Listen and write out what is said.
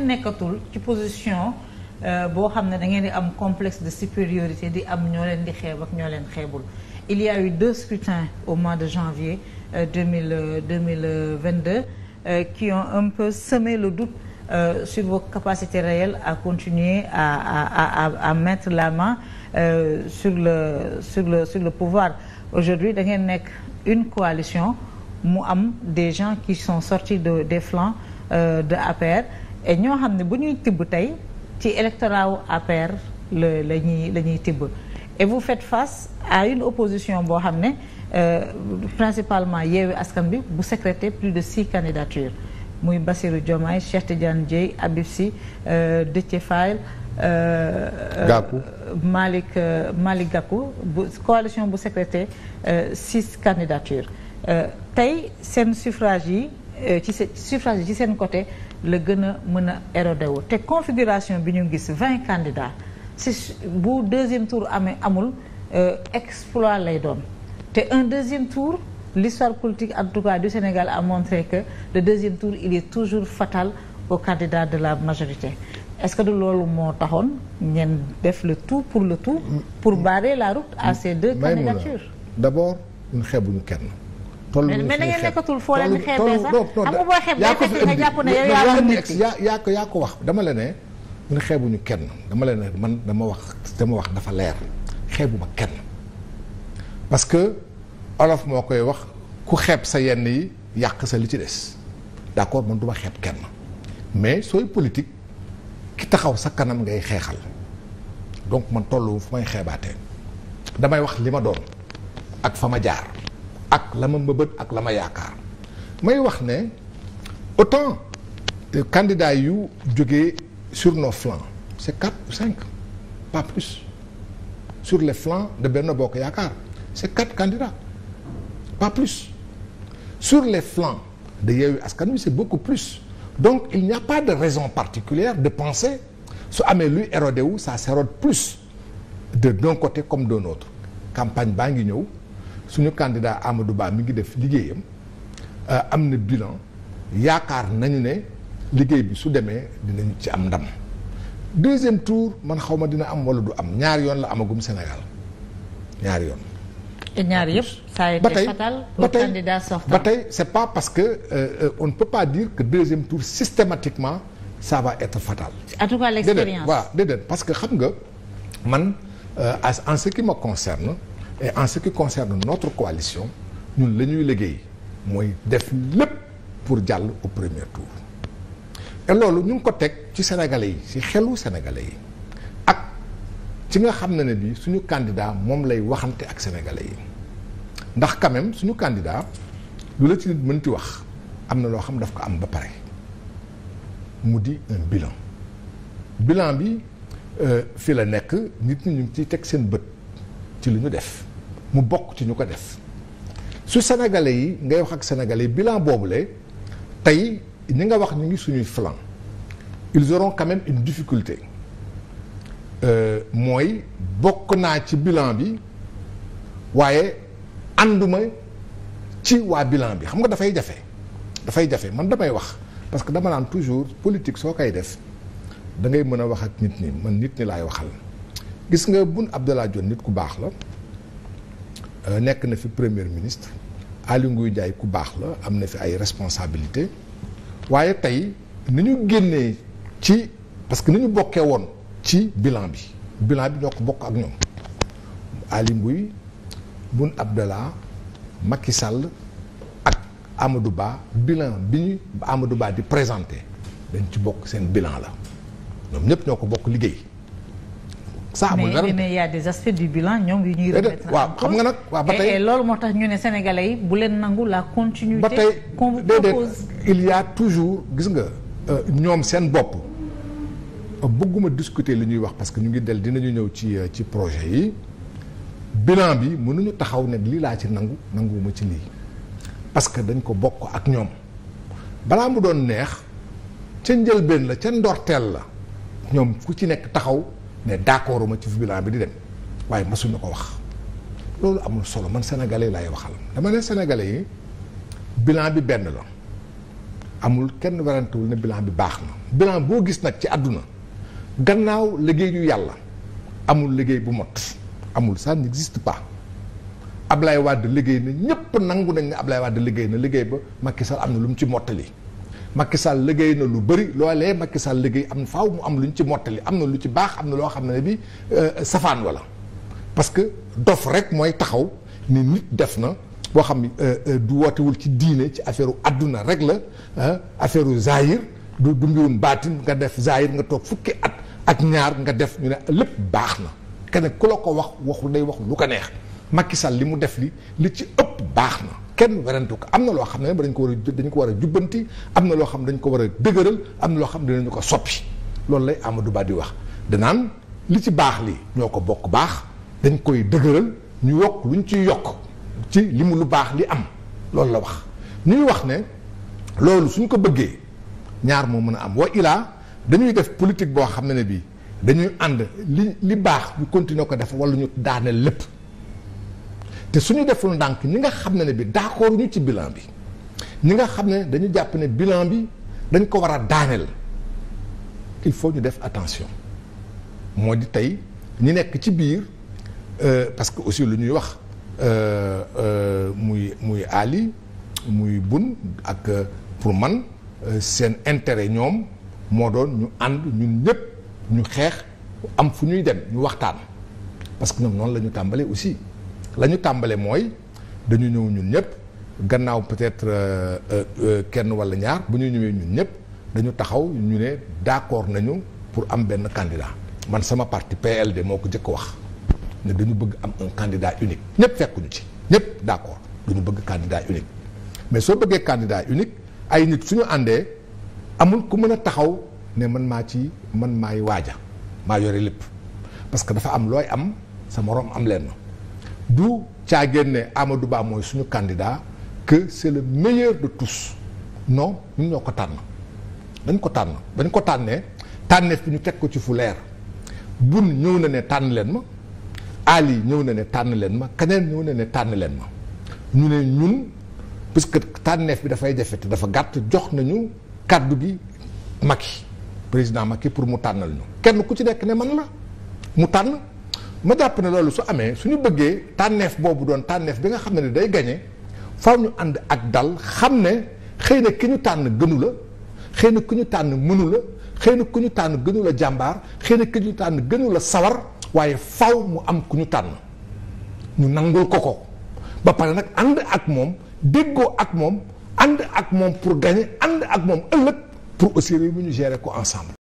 ngeen nekkatul ci position euh, boo xam ne da ngeen di am complexe de supériorité di am ñoo leen di xeeb ak ñoo leen xeebul il y a eu deux scrutins au mois de janvier euh, deux mille euh, deux mille vingt deux qui ont un peu semé le doute euh, sur vos capacités réelles à continuer à à à à mettre la main euh, sur le sur le sur le pouvoir aujourd'hui da ngeen nekk une coalition mu am des gens qui sont sortis de des flancs euh, de APR. ñoo xam ne bu ñuy tibb tey ci électorat wu APR la la la ñuy tibb et vous faites face à une opposition boo xam ne euh, principalement Yewwi Askan bi bu sécrété plus de six candidatures muy Bassirou Diomaye Cheikh Tidiane Dièye Habib Sy euh, Déthié Fall euh, Gakou Malick Malick Gakou bu coalition bu sécrété six candidatures tey seen suffrage yi ci suffrage yi ci seen côté la gën a mën a érodé wu te configuration bi ñu gis vingt candidats si bu deuxième tour amee amul euh, exploit lay doon te un deuxième tour l'histoire politique en tout cas du Sénégal a montré que le deuxième tour il est toujours fatal aux candidats de la majorité est-ce que du loolu moo taxoon ngeen def le tout pour le tout pour barrer la route à ces deux candidatures d'abord bu xeebuñu kenn tollu mais foo leen xeebee sax xam nga boo xeebee yaa ko yaa ko wax dama la ne ñun xeebuñu kenn dama la ne man dama wax wax dafa leer xeebuma kenn parce que olof moo koy wax ku xeeb sa yenn yi yàq sa li ci des d'accord man duma xeeb kenn mais sooy politique ki taxaw sa kanam ngay xeexal donc man tollu fu may xeebaate damay wax li ma doon ak fa ma jaar ak la ma mbëbët ak la ma yaakaar may wax ne autant euh, de yu jógee sur nos flancs c'est quatre ou cinq pas plus sur les flancs de Benno Bokk Yaakaar c'est quatre candidats pas plus sur les flancs de Askan Wi c'est beaucoup plus donc il n'y a pas de raison particulière de penser su amee luy érodé wu ça s'érode plus de d'un côté comme de l'autre campagne baa ngi ñëw suñu candidat Amadou Ba mi ngi def liggéeyam euh, am na bilan yaakaar nañu ne liggéey bi su demee dinañ ci am ndam deuxième tour man xaw ma dina am wala du am ñaari yoon la amagum Sénégal ñaari yoon. ñaar yëpp ça a été fatal pour candidat sortant ba tey c'est pas parce que euh, euh, on ne peut pas dire que deuxième tour systématiquement ça va être fatal. en tout cas l'expérience déedéet voilà déedéet parce que xam nga man euh, en ce qui me concerne. en ce qui concerne notre coalition ñun la ñuy liggéey mooy def lépp pour jàll au premier tour et loolu ñu ngi ko teg ci sénégalais yi ci xelu sénégalais yi ak ci nga xam ne ne bi suñu candidat moom lay waxante ak sénégalais yi ndax quand suñu candidat lu la ci mënti wax am na loo xam daf ko am ba pare mu di un bilan bilan bi euh, fi la nekk nit ñi ñu ngi ciy teg seen bët ci lu ñu def mu bokk ci ñu ko def su sénégalais yi ngay wax ak sénégalais bilan boobule tey ñi nga wax ñu ngi suñuy flanc ils auront quand même une difficulté euh, mooy bokk naa ci bilan bi waaye ànduma ci waa bilan bi xam nga dafay jafe dafay jafe man damay wax parce que dama naan toujours politique soo koy def da ngay mën a wax ak nit ñi man nit ñi laay waxal gis nga Boun Abdallah Dionne nit ku baax la Euh, nekk na fi premier ministre Aly Ngouille ku baax la am na fi ay responsabilité waaye tey ni ñu génnee ci parce que ni ñu bokkee woon ci bilan bi bilan bi ñoo ko bokk ak ñoom Aly Ngouille Boun Abdallah Macky Sall ak Amadou Ba bilan bi ñu Amadou Ba di présenté dañ ci bokk seen bilan la ñoom ñëpp ñoo ko bokk liggéey saxamul dara mais mais y a des aspects du bilan ñoom yu ñuy remettre eh, waaw xam nga nag waaw ba tey loolu moo tax ñu ne sénégalais yi bu leen nangu laa continuité. ba tey déedéet il y toujours gis nga euh, ñoom seen bopp euh, bëgguma discuter li ñuy wax parce que ñu ngi del dinañu ñëw ci euh, ci projet yi bilan bi mënuñu taxaw ne lii laa ci nangu nanguwuma ci lii parce que dañ ko bokk ak ñoom balaa mu doon neex ca njëlbeen la ca ndorteel la ñoom ku ci nekk taxaw. ne d'accord ma ci bilan bi di dem waaye masuñu ko wax loolu amul solo man sénégalais laay waxal dama ne sénégalais yi bilan bi benn la amul kenn werantewul ne bilan bi baax na bilan boo gis nag ci àdduna gannaaw liggéey yu yàlla amul liggéey bu mot amul ça n'existe pas Ablaye Wade liggéey na ñëpp nangu nañ ne Ablaye Wade liggéey na liggéey ba Macky Sall am na lu mu ci mottali Macky Sall liggéey na lu bëri loolee Macky Sall léegi am faaw mu am lu ñu ci mottali am na lu ci baax am na loo xam ne bi euh, safaan wala parce que dof rek mooy taxaw ni nit def na boo xam ne euh, euh, du wootewul ci diine ci affaire àdduna rek la affaire zahir du du mbirum baatin nga def zahir nga toog fukki at ak ñaar nga def ñu ne lépp baax na kenn ku la ko wax waxu day wax lu ko neex Macky Sall li mu def li li ci ëpp baax na kenn werantu ko am na loo xam ne dañ ko war a dañ ko war a jubbanti am na loo xam ne dañ ko war a dëgëral am na loo xam ne dinañu ko soppi loolu lay Amadou Ba di wax danaan li ci baax li ñoo ko bokk baax dañ koy dëgëral ñu yokk luñ ciy yokk ci li lu baax li am loolu la wax ñuy wax ne loolu suñ ko bëggee ñaar moo mën a am wa ilaa dañuy def politique boo xam ne ne bii dañuy ànd li li baax ñu continuer ko def wala ñu daaneel lépp te suñu deful ndànk ñi nga xam ne ne bi d'accord ñu ci bilan bi ñi nga xam ne dañu jàpp ne bilan bi dañ ko war a daaneel il faut ñu def attention moo di tey ñi nekk ci biir euh, parce que aussi lu ñuy wax euh, euh, muy muy Ali muy Bun ak pour man seen intérêt ñoom moo doon ñu ànd ñun ñëpp ñu xeex am fu ñuy dem ñu waxtaan parce que ñoom noonu la ñu tàmbalee aussi la ñu tàmbale mooy dañu ñëw ñun ñëpp gannaaw peut-être euh, euh, euh, kenn walla ñaar bu ñu ñëwee ñun ñëpp dañu taxaw ñu ne d'accord nañu pour am benn candidat man sama parti PLD moo ko jëkk wax ne dañu bëgg am un unique ñëpp fekkuñu ci ñëpp du dañu bëgg candidat unique mais soo bëggee candidat unique ay nit suñu àndee amul ku mën a taxaw ne man maa ci man maay waaja maa yore lépp parce que dafa am looy am sama moroom am leen du caagéen ne Amadou mooy suñu candidat que c'est le meilleur de tous no ñun ñoo ko tànn dañ ko tànn dañ ko tànnee tànneef bi ñu teg ko ci fu leer bun ñëw na ne tànn leen ma Ali ñëw na ne tànn leen ma keneen ñëw na ne tànn leen ma ñu ne ñun parce que tànneef bi dafay jafe te dafa gàtt jox nañu kàddu gi Macky président Macky pour mu tànnal ñu kenn ku ci nekk ne man la mu tànn ma jàpp ne loolu su amee suñu bëggee tànneef boobu doon tànneef bi nga xam ne day gañe faw ñu ànd ak dal xam ne xëy na ki ñu tànn gënu la xëy na ku ñu tànn mënu la xëy na ku ñu tànn gënu la jàmbaar xëy na ku ñu tànn gënu la sawar waaye faw mu am ku ñu tànn ñu nangul ko ko ba pare nag ànd ak moom déggoo ak moom ànd ak moom pour gagner ànd ak moom ëllëg pour aussi réew mi ñu gérer ko ensemble